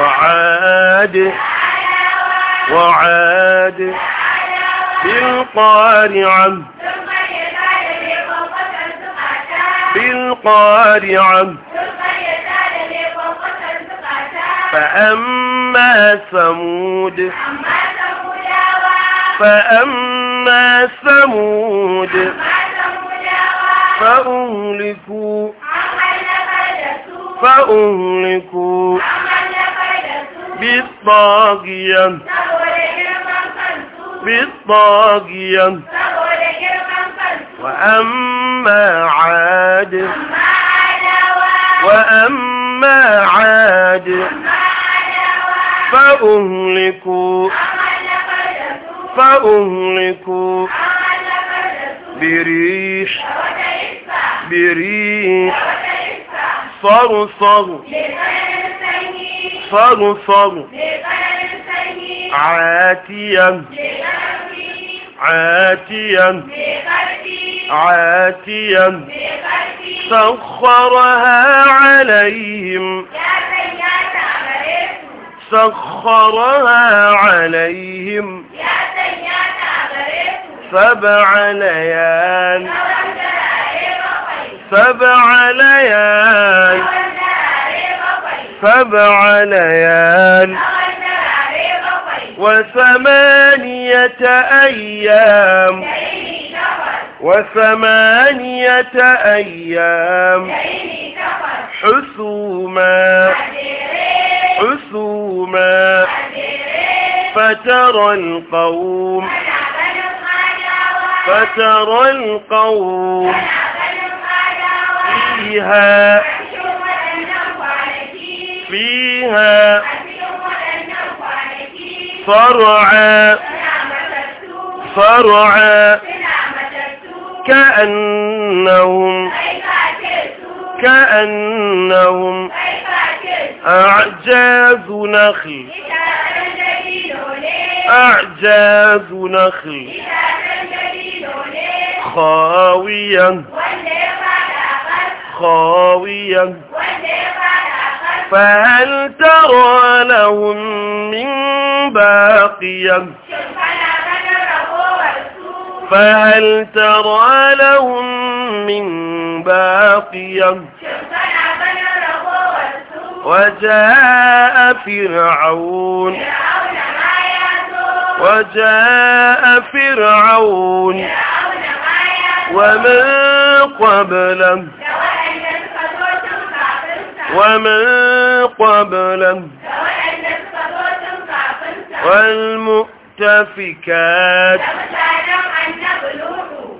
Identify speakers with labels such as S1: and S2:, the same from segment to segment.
S1: وعاد
S2: وعاد بالقارعة بالقارعة
S1: فأما ثمود فأما ثمود فأهلكوا فأهلكوا بالطاغية بالطاغية وأما عاد
S2: وأما
S1: عاد فأهلكوا فأهلكوا بريح
S2: بريح صرصر صرصر عاتيا عاتيا
S1: عاتيا
S2: سخرها عليهم سخرها
S1: عليهم
S2: سبع ليال
S1: سبع ليال
S2: سبع ليال وثمانية
S1: أيام وثمانية أيام حسوما حسوما فترى القوم
S2: فترى
S1: القوم
S2: فيها
S1: فيها فرعا فرعا كأنهم كأنهم
S2: أعجاز نخل أعجاز
S1: نخل خاويا خاويا
S2: فهل ترى
S1: لهم من باقية
S2: فهل
S1: ترى لهم من باقية
S2: وجاء
S1: فرعون وجاء فرعون ومن قبله ومن قبله والمؤتفكات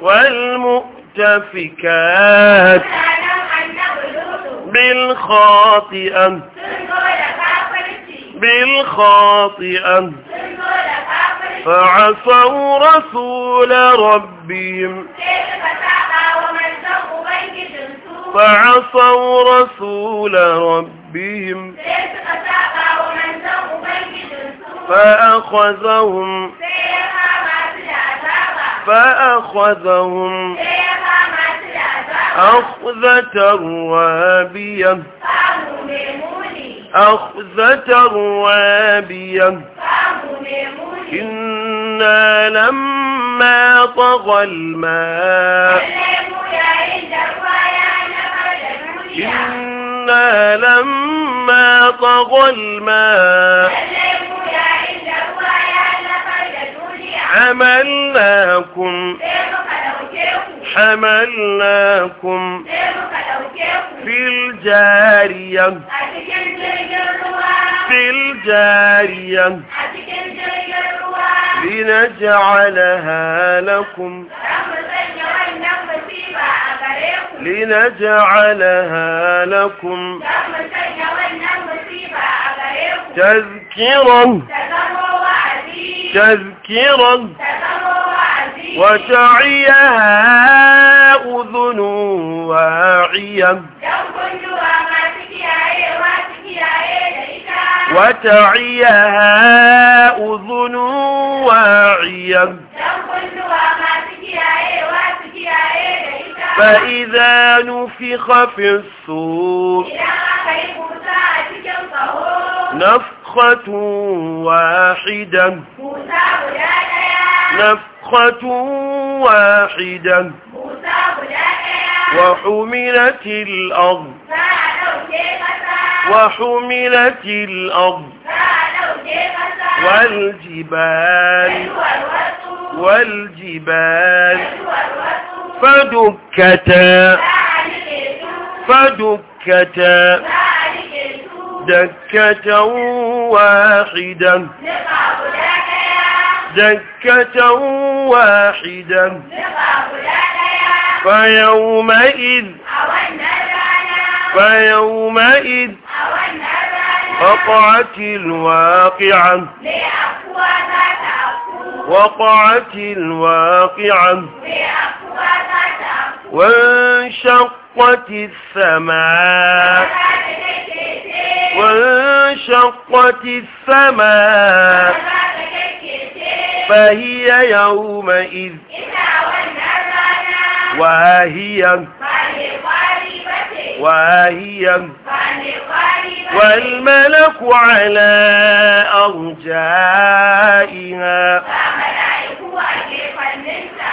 S1: والمؤتفكات
S2: بالخاطئة
S1: بالخاطئة
S2: فعصوا
S1: رسول ربهم فعصوا رسول ربهم
S2: فأخذهم فأخذهم أخذة
S1: روابية
S2: أخذة
S1: روابية إنا لما طغى الماء إنا لما طغى الماء حملناكم حملناكم
S2: في الجارية في الجارية
S1: لنجعلها لكم لنجعلها لكم تذكرا تذكرا
S2: وتعيها
S1: أذن واعية
S2: وتعيها
S1: أذن واعية
S2: فإذا
S1: نفخ في الصور نفخة واحدة نفخة واحدة وحملت الأرض وحملت الأرض والجبال والجبال فدكتا فدكتا دكة واحدة دكة واحدة فيومئذ فيومئذ
S2: وقعت
S1: الواقعة
S2: وقعت
S1: الواقعة وانشقت السماء
S2: وانشقت
S1: السماء فهي يومئذ وهي
S2: وهي
S1: والملك على أرجائها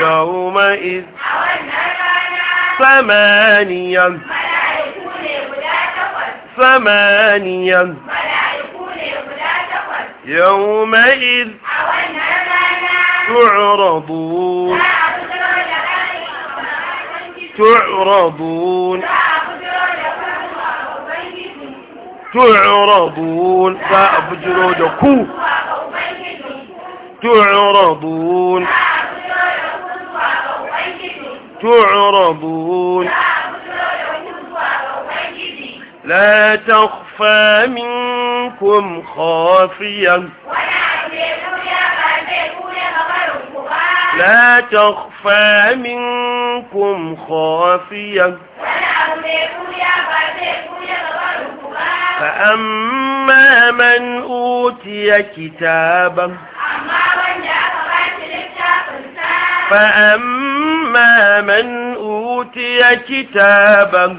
S2: يومئذ
S1: ثمانيا
S2: ثمانيا يومئذ تعرضون تعرضون تعرضون فأبجروا تعرضون
S1: تعرضون لا تخفى منكم خافية لا تخفى منكم خافية فأما من أوتي كتابه
S2: فأما
S1: أما من أوتي كتابا أما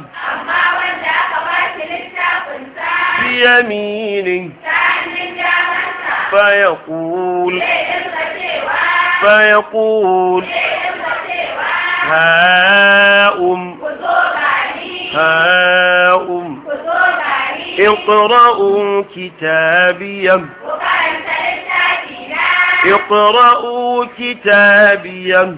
S2: وانت أكبرت للتاقنسا بيمينه فيقول
S1: فيقول هاؤم هاؤم
S2: اقرأوا
S1: كتابيا
S2: اقرأوا
S1: كتابيا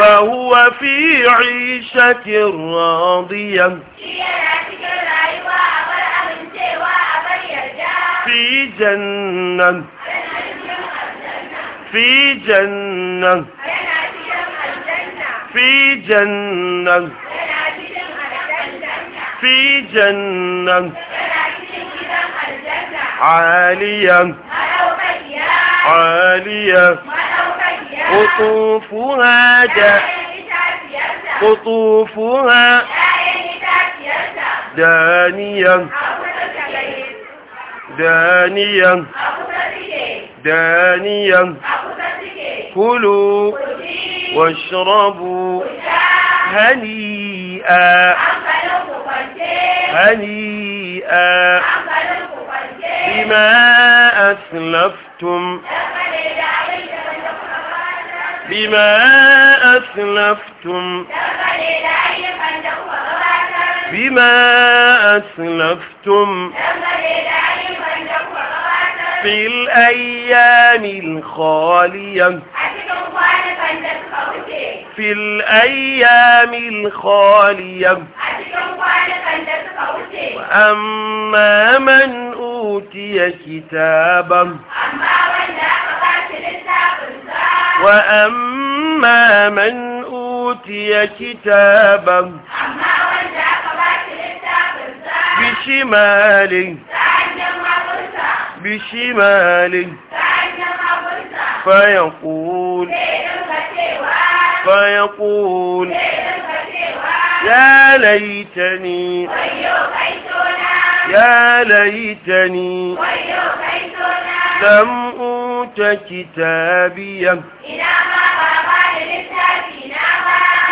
S2: فهو في
S1: عيشة راضية في جنة في جنة في جنة في جنة
S2: عالية عالية قطوفها
S1: جاء قطوفها
S2: دانيا
S1: دانيا
S2: دانيا كلوا واشربوا هنيئا هنيئا بما
S1: أسلفتم
S2: بما
S1: أسلفتم بما أسلفتم
S2: في الأيام الخالية في
S1: الأيام الخالية
S2: وأما
S1: من أوتي كتابه
S2: وأما
S1: أما من أوتي كتابه بشماله
S2: بشماله فيقول
S1: فيقول يا ليتني يا ليتني لم أوت كتابيه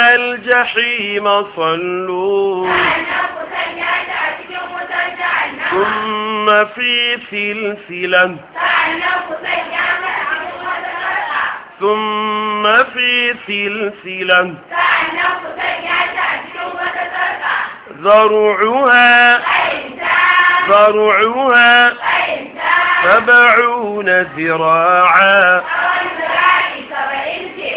S1: الجحيم صلوا ثم في سلسلة ثم في سلسلة ذرعها
S2: ذرعها سبعون
S1: ذراعا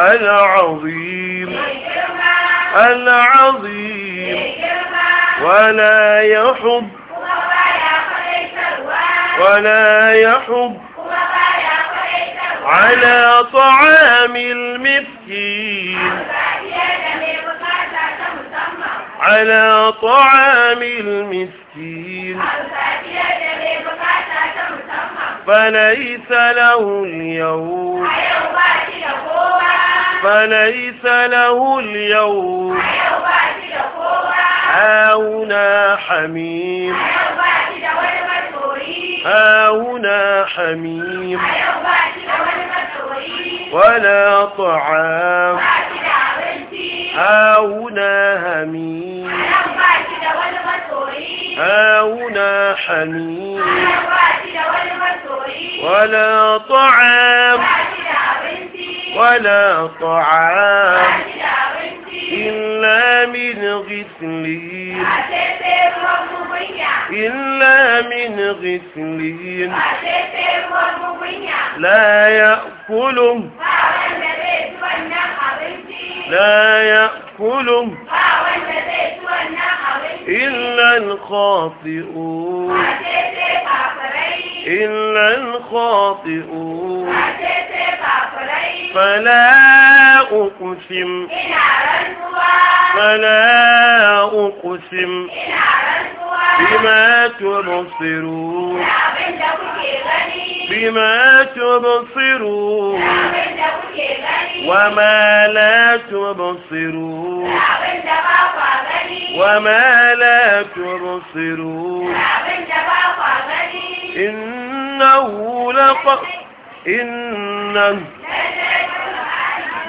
S1: العظيم العظيم ولا يحب
S2: ولا يحب على طعام
S1: المسكين
S2: على طعام
S1: المسكين فليس له اليوم فليس له اليوم هاهنا حميم
S2: هاهنا
S1: حميم
S2: ولا طعام
S1: هاهنا هميم هاهنا حميم
S2: ولا طعام ولا طعام إلا
S1: من غسلين إلا من غسلين لا يأكلهم لا يأكلهم إلا الخاطئون إلا الخاطئون فلا أقسم فلا أقسم بما تبصرون بما تبصرون وما لا تبصرون وما لا تبصرون إنه لقد إنه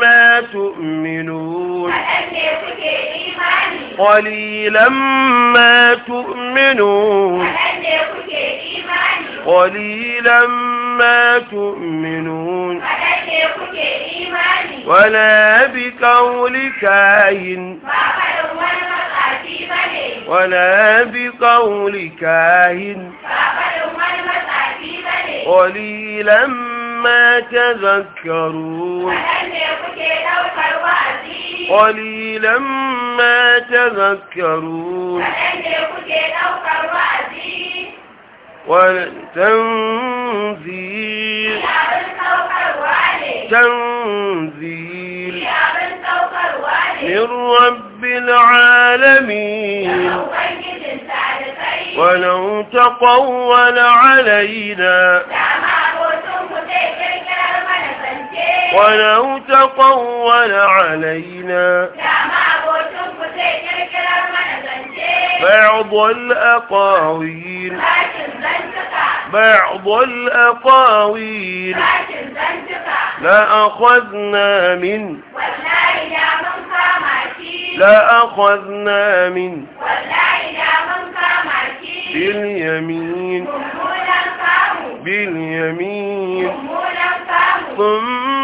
S1: ما تؤمنون
S2: قليلا ما تؤمنون قليلا
S1: ما تؤمنون
S2: ولا
S1: بقول كاهن
S2: ولا
S1: بقول كاهن قليلا ما تذكرون قليلا ما تذكرون وتنزيل تنزيل من رب العالمين
S2: ولو تقول
S1: علينا
S2: ولو
S1: تقول علينا بعض الأقاويل بعض الأقاويل لأخذنا من
S2: لأخذنا
S1: من باليمين باليمين ثم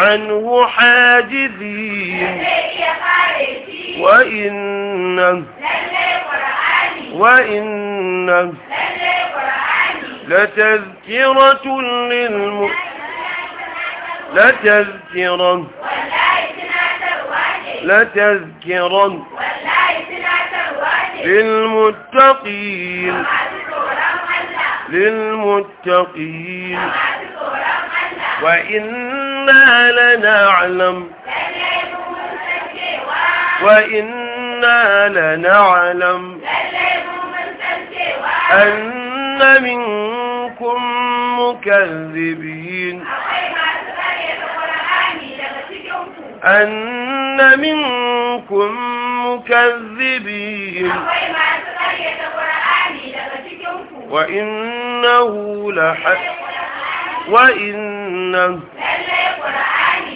S1: عنه حاجزين وإن وإن لتذكرة للم لتذكرة لتذكرة للمتقين للمتقين وإن ما لنعلم
S2: وإنا
S1: لنعلم
S2: أن
S1: منكم مكذبين
S2: أن
S1: منكم مكذبين وإنه لحق وإنه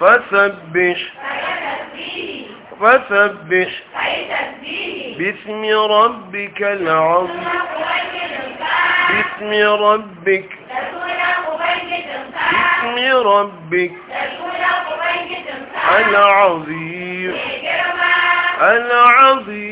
S1: فسبح فسبح باسم ربك العظيم باسم ربك باسم ربك العظيم
S2: العظيم